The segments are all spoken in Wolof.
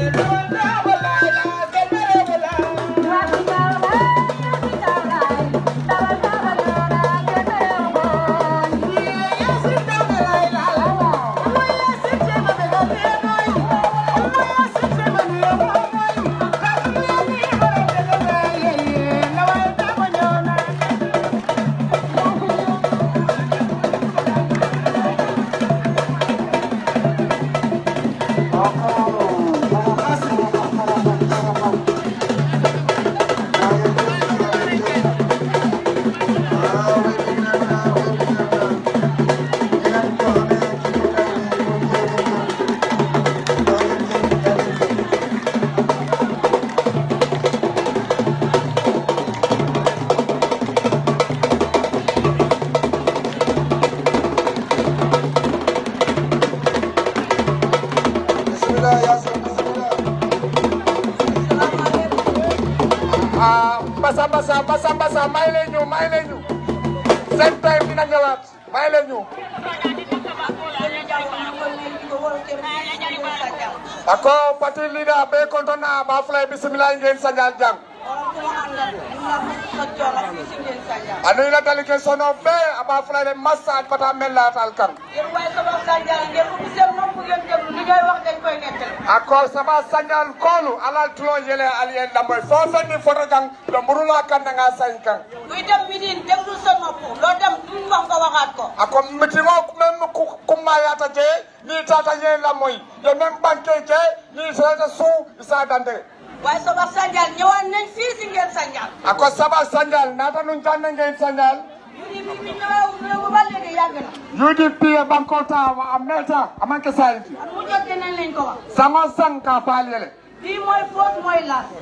no. Samba Samba Samba Samba may leen ñu may leen ñu seen time dina ñëwaat may leen ñu ako ko ba sañal ngeen ko bisel mom bu ngeen dem li ngay wax akkor saba sangal kolu alal tulo yele alien damboy so sanni foto kan lo murula kan nga sañ kan muy dem midin deglu sama ko lo dem dum ko ko waxat ko ako mitimo mem ku kuma yata je ni tata yele la moy yo mem banke je ni sa su sa dande waaye saba sangal ñëwaat nañ fii si ngeen sangal ako saba sangal naata nuñ tan ngeen sangal UDP bankota wa amneta amanke sainti sango sanka palele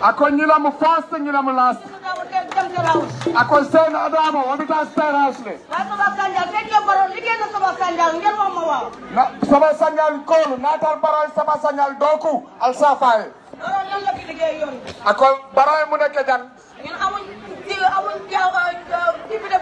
ako ñilamu fast ñilamu last ako sen adama wabita star house le saba sanjal kolu natal baroy saba sanjal doku al safaye ako baroy mu nekk jan amuñ amuñ député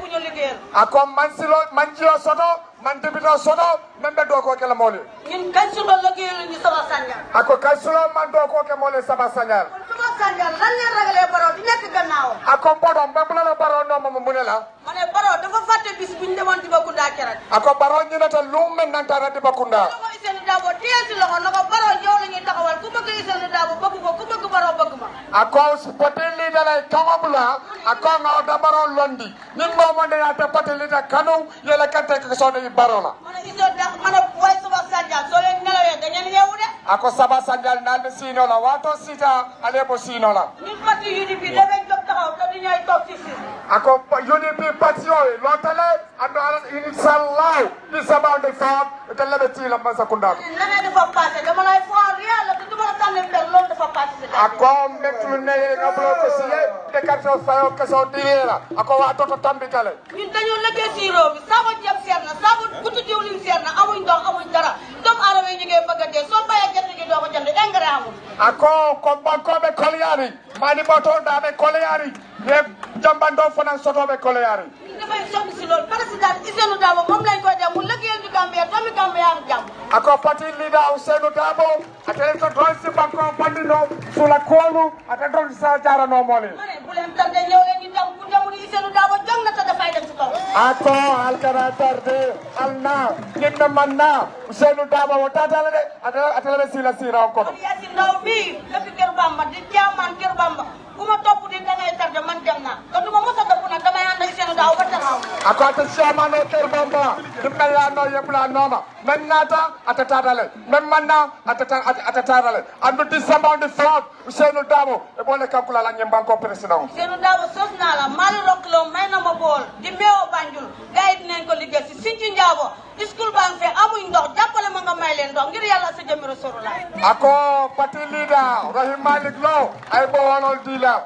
akon mansilo manjilo soto mandibito soto men ɓe ɗo ko kela mawle min kansilo logeyonoñi saba sañal ako kansilo man ɗo ko ke mawle saba sañal saba sañal lanne ragale baro di nekk gannaawo akon boɗon ɓe ɓulala baro nomamo munela mane baro dafa fatte bis buñ demon dibakunda kerat ako baro ñinata lum men nantana dibakunda isenu dabo teyelti loxo noko baro yow la ñuy taxawal ku bëgg isenu dabo bëgg ko ku bëgg baro bëgg ma ako potelli dalay taxaw ಅಲ್ಲ account ನಾವು ಡಬ್ಬರ ಲೊಂಡಿ ನಿಮ್ಮ ಮಂಡೆ ಆಟ ಪಟೇಲಿನ ಕನು ಎಲ್ಲ ಕಟ್ಟಕ್ಕೆ ಸೊನ್ನೆ ಬರೋಲ್ಲ ako saba sanjal nalɓe siinola wato sita alebo siinola ako udp parti o e lotale ando alan inchallahu ɗi saɓande faam e tellaɓe tiilam masakundako a ko mbemtulunere ngabro ko siye de karto fayo keso dirira ako wa toto tambitale min dañu lëggee si réew mi saabu ceeb seer na saabu gutu diwlin seer na amuñ ndox amuñ dara doom aadama yi ñu ngi bëgg a dee soo bayee gerte gi doo ko jënd engrais amul ako ko bankoɓe kolyaani maniboto dame koleyari ne jambando fanan sotoɓe koleyari dafay som si loolu président Ousseynou Dabo moom lañ koy dem mu liggéeyal ñu Gambia doomi Gambia am jàmm ako parti leader Ousseynou Dabo atele to don si banko bandino sula koolu ata don sa jarano moole mane bu leen tarde de atele be sila sira on kono Samba ku ma topp di dangay tarde man dem naa te du a akata siyamano ter bomba dummellano yeɓlanoma min naata a tatarale min manna a tatarale andu décembre du fraude useynu damo e ɓole kankulala ñimbanko président useynu damo sosnala mali rokkilo maynama bool di mewo banjul gayitinen ko liggéey si sinci ndiabo school ban fe amuñ ndox jàppale ma nga may leen ndox ngir yàlla sa jëmiro sorula ako parti leader rahim malik lo ay bowanol dila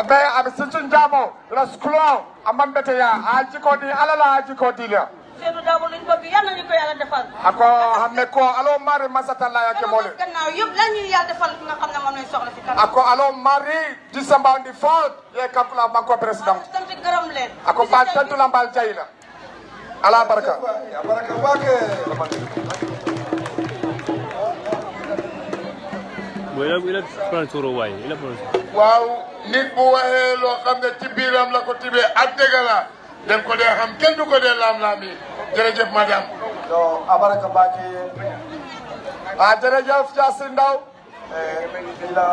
ɓe aɓe sincun jaamo raskulo beteya ha jikodi alala ha jikodila seeɗu dawbo luñ ko bi ako hamme ko alo mari masatalla yake la ñu yàlla ako alo mari disamba ndi fot ye kankula banko président tant gërëm leen ako mbal tantula mbal jayila ala baraka waaw nit bu waxee loo xam ne ci biiram la ko tibee ak dëgg ko dee xam kenn du ko dee laam-laam yi jërëjëf madame. donc abaraka Mbacke. ah jërëjëf Diassi Ndao. bila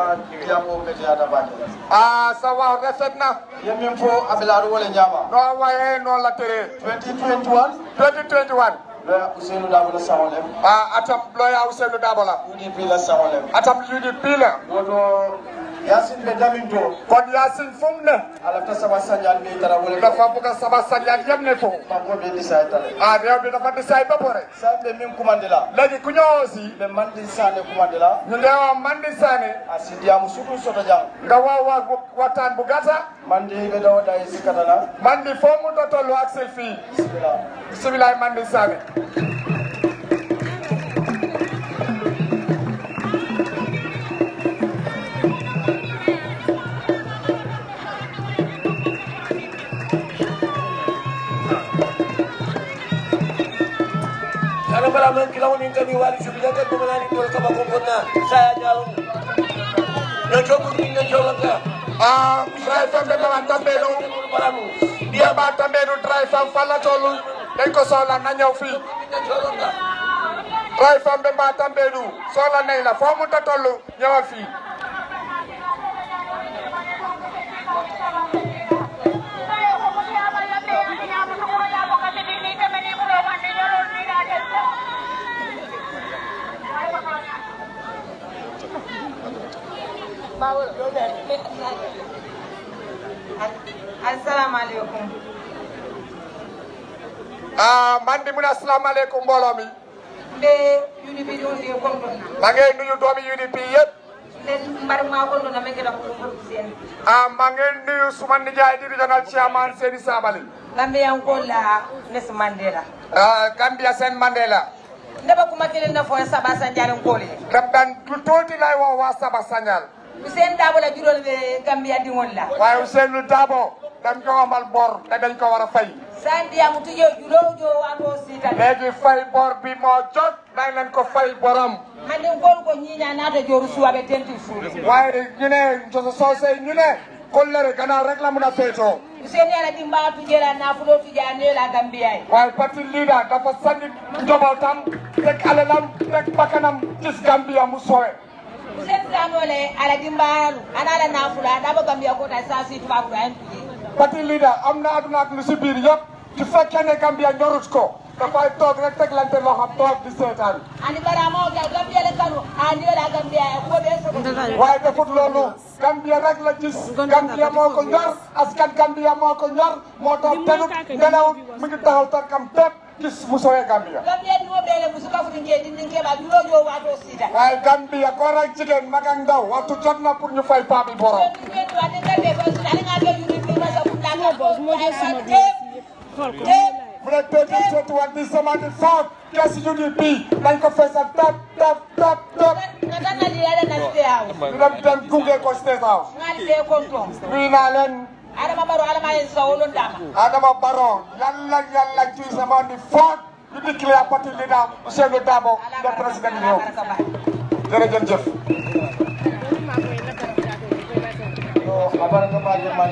jamo beti ada Mbacke. ah sa wax rafet na. yéen même fo Abilade wala Ndiamba. noo waaye noonu la tëree. 2021. 2021. Loya Ousseynou Dabo la sawolem. Ah, atam Loya Ousseynou Dabo la. UDP la sawolem. Atam UDP la. Woto yasin be daminto kon yasin fum ne ala ta saba sanjal be tara wole dafa buka saba sanjal yam ne to bango be di say tale a ah, rew bi dafa di say bapore sa be min kumandila legi ku ñoosi be mandi sane kumandila ñu ndewa mandi sane asidiya mu sutu soto jam nga wa wa watan bu gata be do day sikatala mandi fo mu to tollu ak selfie bismillah bismillah mandi sane ala bala man kilaw ni kami wali jubila ka tumana ni tol ka bakon konna saya jalo na jobu ni na jola ka ah saya tambe bala tambe lo dia ba tambe do try fam fala tolu dañ ko sola na ñew fi try fam be ba tambe do sola nay la fo mu ta tolu ñewal fi Baul. Assalamu alaikum. Ah man di mu ne assalamu alaikum mbooloo mi. nde UDP ɗi wonde gonɗonna. ma ngeen nuyu doomi UDP yëpp. nden mbar ma gonɗonna men geɗa ko seen. ah ma ngeen nuyu Soumane Ndiaye di regional chairman Seyni Sabali. Gambiyanko la Nelson Mandela. Ah Gambia sen Mandela. nde ba kuma kelen na fo Saba Sandial Nkole. dabban tutoti lay wo wa Saba Sandial. Ousainou Darboe la jural Gambia diŋol la waaye Ousainou Darboe dañ ko amal bor te dañ ko war a fay sandiyamu tujoo juloo joo waatoo siita léegi fay bor bi moo jot nañ leen ko fay boram hande ngol ko ñiiña naata jooru suwaɓe tenti suudu waaye ñu ne joso soosey ñu ne kollere gannaaw rek la mun a féetoo Ousainou yàlla di mbaa tujeela naafuloo tujaa neela Gambiyay waaye parti leader dafa sànni njobotam teg alalam teg bakkanam gis Gambia mu sowe parti leader am na aduna ak lu si biir yëpp su fekkee ne Gambia ñorut ko dafay toog rek teglante loxo toog di seetaan. ani bara ma ga Gambia le kanu ani la Gambia ko be la gis Gambia moo ko ñor askan Gambia moo ko ñor moo toog telut nelawut mu ngi taxaw tànkam bépp gis mu sooyee Gambia. Gambia waaye Gambia ko rek jigéen mag ak ndaw jot na pour ñu fay paa bi vlepe di sot wak di soman di fok kasi yu di bi nañ ko feesal top top top top ñu dem dem gunge ko state house nuyu naa leen adama baro adama yen sawolon dama adama baro yalla yalla ci sama di fok ñu déclaré à partir de là monsieur le Dabo le président du réew jërëjëf jëf abaraka baaje man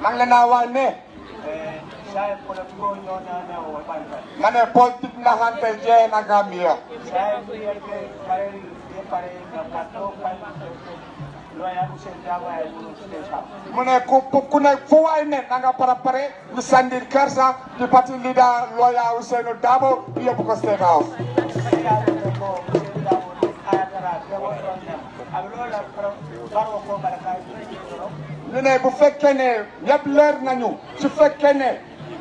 man la naa waal ne ma ne politique naxante jeena Gambia mu ne ku ku ne fu waay ne na nga pare pare ñu sandi karsa di parti leader lawyer Ousainou Darboe yóbbu ko State House ñu ne bu fekkee ne ñëpp leer nañu su fekkee ne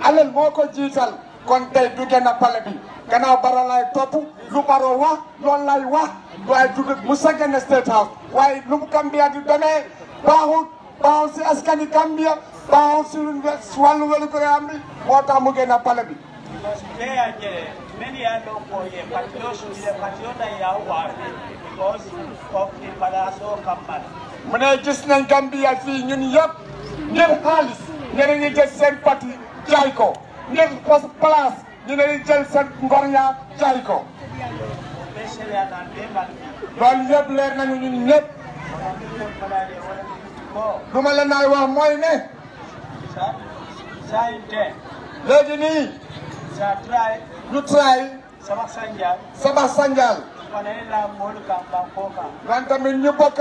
alal moo ko jiital kon tey du gën a pale bi gannaaw Barrow topp lu Barrow wax loolu laay wax waaye du musa gën a State waaye lu mu Gambia di demee baaxut baaxul si askani Gambia baaxul si wàllu welu ko am moo tax mu gën a pale bi many are not for a patriot, a a because of mu gis nañ Gambia fi ñun yëpp ngir xaliss ñeneen ñi jël sen parti jaay ko ngir pos place ñu lay jël sen ngor jaay ko leer ñun duma la nay wax ne ni sa try sabah sanjal sabah sanjal la ñu bokk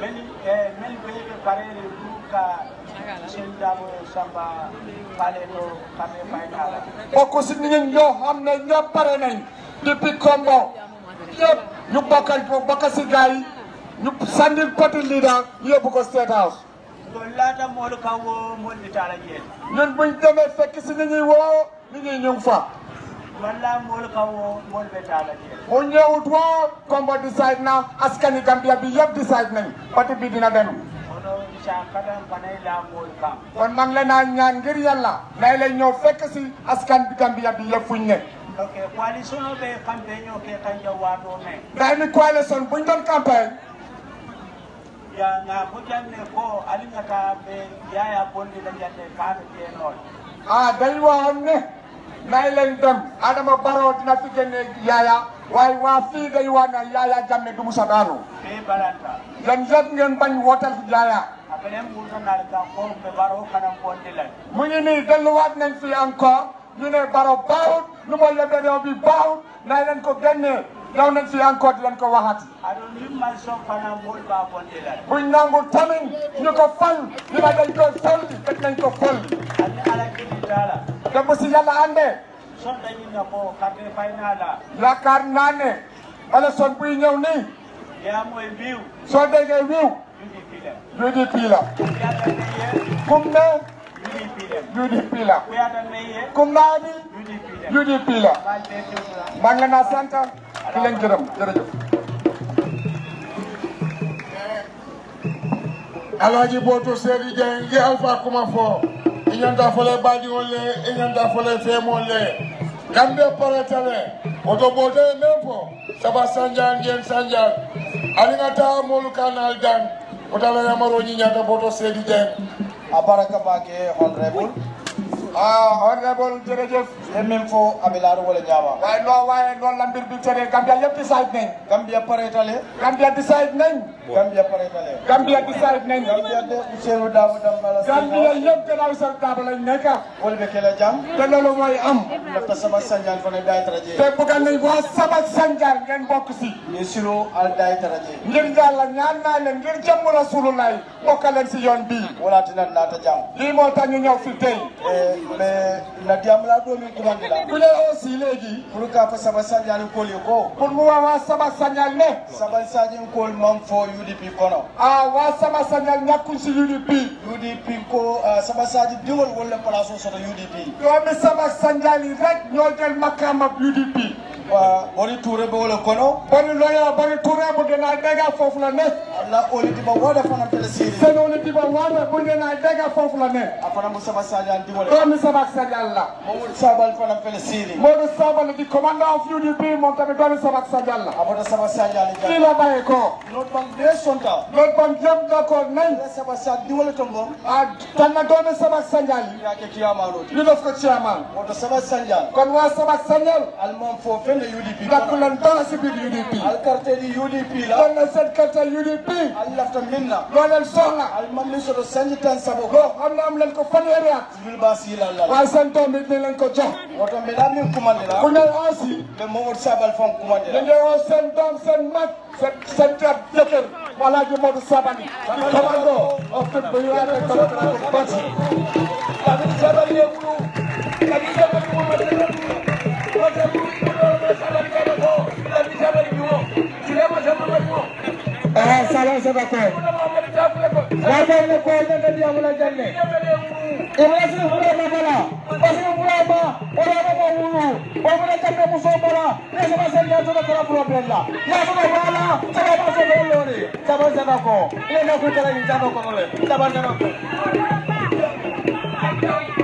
min min ɓeyɓe pareeri pour ka seydamo samba paale ɗo kamɓe ñu bokkal fo bokka si gaay ñu sandi côté leader ñu yóbbu ko state house kon laata moolu wo mon ni taala jeen ñu fa wo o ñewut wo na askani gambia bi yëpp décide nañ pati dina dem kono la moolu kam kon man la naa ñaan ngir yàlla nay la ñëw fekk si askan bi gambia bi yëpp o ko alinga ka ɓe yaya bonndi la a ah, ne nay leen dem Adama Barrow dina fi génne Yaya waaye waa fii dañu wax ne Yaya Jammeh du musa daanu. yan yëpp ngeen bañ wooteel fi Yaya. mu ngi nii delluwaat nañ fi encore ñu ne Barrow baaxut lu ma lebedoo bi baaxut nay leen ko génne. yow nañ fi encore di leen ko waxati. alors li ma soog fana mboolu ba bonte la. buñ nangu tamit ñu ko fal ñu ne dañ koy fol dañ nañ ko fol. ani ala kiri daa la. te bu si yàlla àndee. son dañuy na ko kafe fay naa la. yaakaar naa ne élection buy ñëw nii. yaa mooy wiiw. soo déggee wiiw. UDP la. UDP la. yàlla na yee. kum ne. UDP la. UDP la. UDP la. UDP la. maa ngi leen a sant ki leen gërëm jërëjëf alaaji booto seedi dieng ngi alfa kuma fo iñanta fole baadiŋol le iñanta fole feemol le gambe parata le woto bootoye men fo saba sanjan jen sanjan aliŋata moolu kanal dan wotala yamaro ñiñata booto seedi dieng a baraka honorable honorable jërëjëf emin fo abilaaru wala ñaama waaye loo waaye noonu la mbir bi tëree Gambia yëpp decide nañ Gambia paretale Gambia decide nañ Gambia pare pare. Gambia di sarif nañ. Gambia de Ousseynou Daabu Dambala. Gambia yëpp gannaaw seen Daabu lañ nekk. wala ba kii la jàmm. te loolu mooy am. ndaxte sama sanjaan fa ne daay taraje. te bugal nañ waa sama sanjaan ngeen bokk si. ñu silo al daay taraje. ngir yàlla ñaan naa leen ngir jëmm Rasulullah bokk leen si yoon bii. walaati nan naata jàmm. lii moo tax ñu ñëw fi tey. Eh, mais la diam ko. pour mu waa waa sama ne. sama sanjaan man foo UDP kono a ah, sama sanya ñakku si UDP UDP ko ah, sama saji diwol wala place soto UDP doomi sama sanjali rek ñoo jël makkaam UDP woni euh, tuureɓewole kono bani loya bani tuureɓe dena ɗega fof la ne alla oli diba woda fana tele siri sen oli diba woda bo dena ɗega fof la ne a ah, fana mo saba sali an diwole ɗo mi saba sali alla momoɗo sabal fana fele siri moɗo sabal di commandant of udp mon taɓe ɗomi saba sali alla aboɗo saba sali ali ila ɓaye ko not ban de sonta not ban jam ɗo ko nayi saba sali diwole to gon ah, a tanna ɗomi saba sali ali yake kiyamanoɗi ɗiɗof ko ciyaman woto saba sali ali kon wa saba sali al almon fo fen ne UDP dakk leen dara si biir UDP alkartel UDP la kon nag seen kartel UDP al lafta min na loo leen soxla al mamli soto sanji tan sabo ko am na am leen ko fanweeri at yulba si la la waaye seen doom bi dinañ leen ko jox woto mi laa min kumandi la ku ne aussi le Momodou Sabal fon kumandi la ñu ngi seen doom seen mag seen seen tab jëkkër wala ji Modou Sabali commando of the United Democratic Party Sabali ne wulu Sabali ne wulu salo sabako wajale ko nende diya mula janne ibra sini fura ma bala o sini fura ma o la ma wulu o mula janne muso bala ne sama senya to kala problem la ma sama bala sama ma so bala lori sama sana ko ne na ku tala ni jano ko le sama sana ko